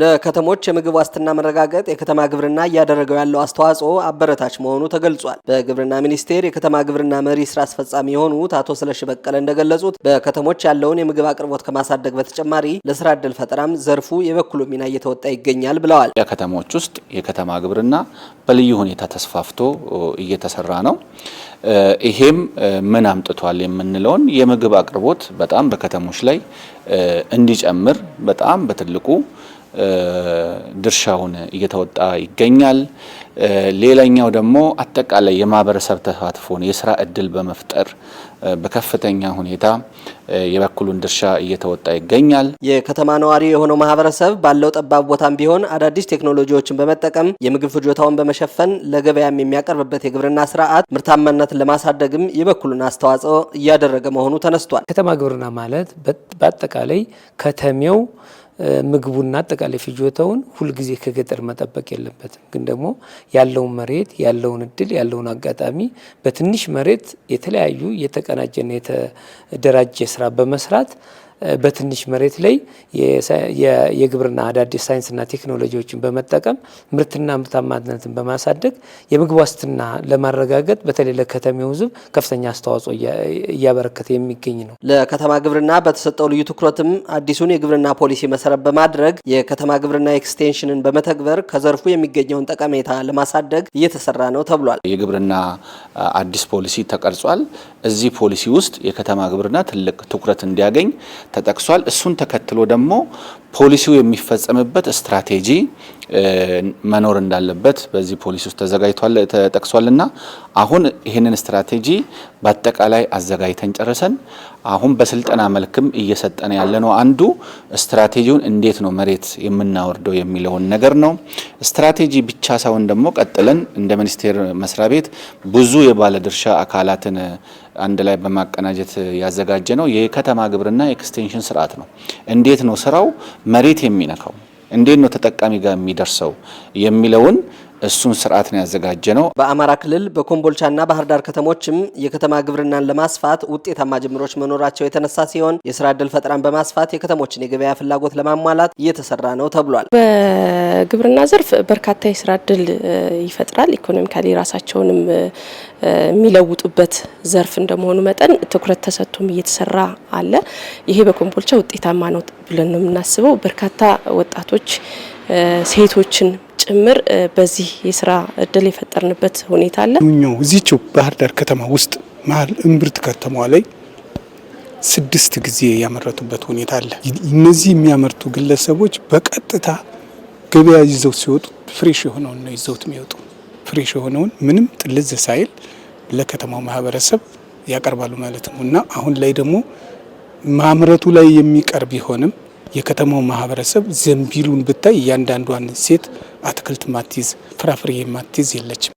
ለከተሞች የምግብ ዋስትና መረጋገጥ የከተማ ግብርና እያደረገው ያለው አስተዋጽኦ አበረታች መሆኑ ተገልጿል። በግብርና ሚኒስቴር የከተማ ግብርና መሪ ስራ አስፈጻሚ የሆኑት አቶ ስለሽ በቀለ እንደገለጹት በከተሞች ያለውን የምግብ አቅርቦት ከማሳደግ በተጨማሪ ለስራ እድል ፈጠራም ዘርፉ የበኩሉ ሚና እየተወጣ ይገኛል ብለዋል። ከተሞች ውስጥ የከተማ ግብርና በልዩ ሁኔታ ተስፋፍቶ እየተሰራ ነው። ይሄም ምን አምጥቷል የምንለውን የምግብ አቅርቦት በጣም በከተሞች ላይ እንዲጨምር በጣም በትልቁ ድርሻውን እየተወጣ ይገኛል። ሌላኛው ደግሞ አጠቃላይ የማህበረሰብ ተሳትፎን የስራ እድል በመፍጠር በከፍተኛ ሁኔታ የበኩሉን ድርሻ እየተወጣ ይገኛል። የከተማ ነዋሪ የሆነው ማህበረሰብ ባለው ጠባብ ቦታም ቢሆን አዳዲስ ቴክኖሎጂዎችን በመጠቀም የምግብ ፍጆታውን በመሸፈን ለገበያም የሚያቀርብበት የግብርና ስርዓት ምርታማነትን ለማሳደግም የበኩሉን አስተዋጽኦ እያደረገ መሆኑ ተነስቷል። ከተማ ግብርና ማለት በአጠቃላይ ከተሜው ምግቡና አጠቃላይ ፍጆታውን ሁልጊዜ ከገጠር መጠበቅ የለበትም። ግን ደግሞ ያለውን መሬት ያለውን እድል ያለውን አጋጣሚ በትንሽ መሬት የተለያዩ የተቀናጀና የተደራጀ ስራ በመስራት በትንሽ መሬት ላይ የግብርና አዳዲስ ሳይንስና ቴክኖሎጂዎችን በመጠቀም ምርትና ምርታማነትን በማሳደግ የምግብ ዋስትና ለማረጋገጥ በተለይ ለከተሜው ሕዝብ ከፍተኛ አስተዋጽኦ እያበረከተ የሚገኝ ነው። ለከተማ ግብርና በተሰጠው ልዩ ትኩረትም አዲሱን የግብርና ፖሊሲ መሰረት በማድረግ የከተማ ግብርና ኤክስቴንሽንን በመተግበር ከዘርፉ የሚገኘውን ጠቀሜታ ለማሳደግ እየተሰራ ነው ተብሏል። የግብርና አዲስ ፖሊሲ ተቀርጿል። እዚህ ፖሊሲ ውስጥ የከተማ ግብርና ትልቅ ትኩረት እንዲያገኝ ተጠቅሷል። እሱን ተከትሎ ደግሞ ፖሊሲው የሚፈጸምበት ስትራቴጂ መኖር እንዳለበት በዚህ ፖሊሲ ውስጥ ተዘጋጅቷል ተጠቅሷልና አሁን ይህንን ስትራቴጂ በአጠቃላይ አዘጋጅተን ጨርሰን አሁን በስልጠና መልክም እየሰጠን ያለ ነው። አንዱ ስትራቴጂውን እንዴት ነው መሬት የምናወርደው የሚለውን ነገር ነው። ስትራቴጂ ብቻ ሳይሆን ደግሞ ቀጥለን እንደ ሚኒስቴር መስሪያ ቤት ብዙ የባለድርሻ አካላትን አንድ ላይ በማቀናጀት ያዘጋጀ ነው የከተማ ግብርና ኤክስቴንሽን ስርዓት ነው። እንዴት ነው ስራው መሬት የሚነካው እንዴት ነው ተጠቃሚ ጋር የሚደርሰው የሚለውን እሱን ስርዓት ነው ያዘጋጀ ነው። በአማራ ክልል በኮምቦልቻና ባህር ዳር ከተሞችም የከተማ ግብርናን ለማስፋት ውጤታማ ጅምሮች መኖራቸው የተነሳ ሲሆን የስራ ድል ፈጠራን በማስፋት የከተሞችን የገበያ ፍላጎት ለማሟላት እየተሰራ ነው ተብሏል። በግብርና ዘርፍ በርካታ የስራ እድል ይፈጥራል። ኢኮኖሚካሊ ራሳቸውንም የሚለውጡበት ዘርፍ እንደመሆኑ መጠን ትኩረት ተሰጥቶም እየተሰራ አለ። ይሄ በኮምቦልቻ ውጤታማ ነው ብለን ነው የምናስበው። በርካታ ወጣቶች ሴቶችን ጭምር በዚህ የስራ እድል የፈጠርንበት ሁኔታ አለ። እዚችው ባህር ዳር ከተማ ውስጥ መሀል እምብርት ከተማ ላይ ስድስት ጊዜ ያመረቱበት ሁኔታ አለ። እነዚህ የሚያመርቱ ግለሰቦች በቀጥታ ገበያ ይዘው ሲወጡ ፍሬሽ የሆነውን ነው ይዘውት የሚወጡ። ፍሬሽ የሆነውን ምንም ጥልዝ ሳይል ለከተማው ማህበረሰብ ያቀርባሉ ማለት ነው እና አሁን ላይ ደግሞ ማምረቱ ላይ የሚቀር ቢሆንም የከተማው ማህበረሰብ ዘንቢሉን ብታይ እያንዳንዷን ሴት አትክልት ማትይዝ ፍራፍሬ ማትይዝ የለችም።